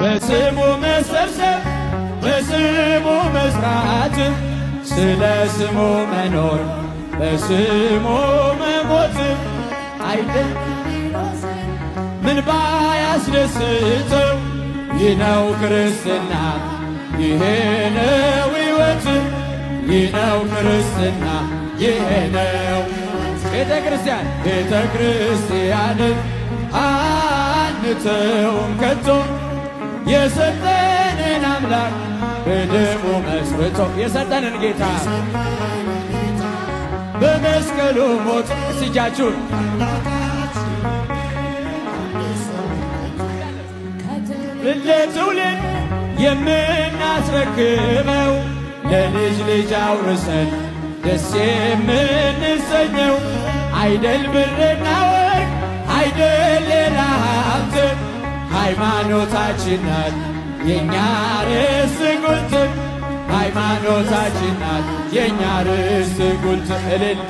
በስሙ መሰብሰብ በስሙ መስራት ስለ ስሙ መኖር በስሙ መሞት አይደል ምን ባያስደስተው ይህ ነው ክርስትና ይሄ ነው ሕይወት ይህ ነው ክርስትና ይሄ ነው ቤተ ክርስቲያን ቤተ ክርስቲያንን አንተውም ከቶ የሰጠንን አምላክ በደሙ መስርቶ የሰጠንን ጌታ በመስቀሉ ሞት ስጃችሁን ለትውልድ የምናስረክበው ለልጅ ልጅ አውርሰን ደስ የምንሰኘው አይደል ብርናው ሃይማኖታችን ናት የእኛ ርስት ጉልት ሃይማኖታችን ናት የእኛ ርስት ጉልት እልል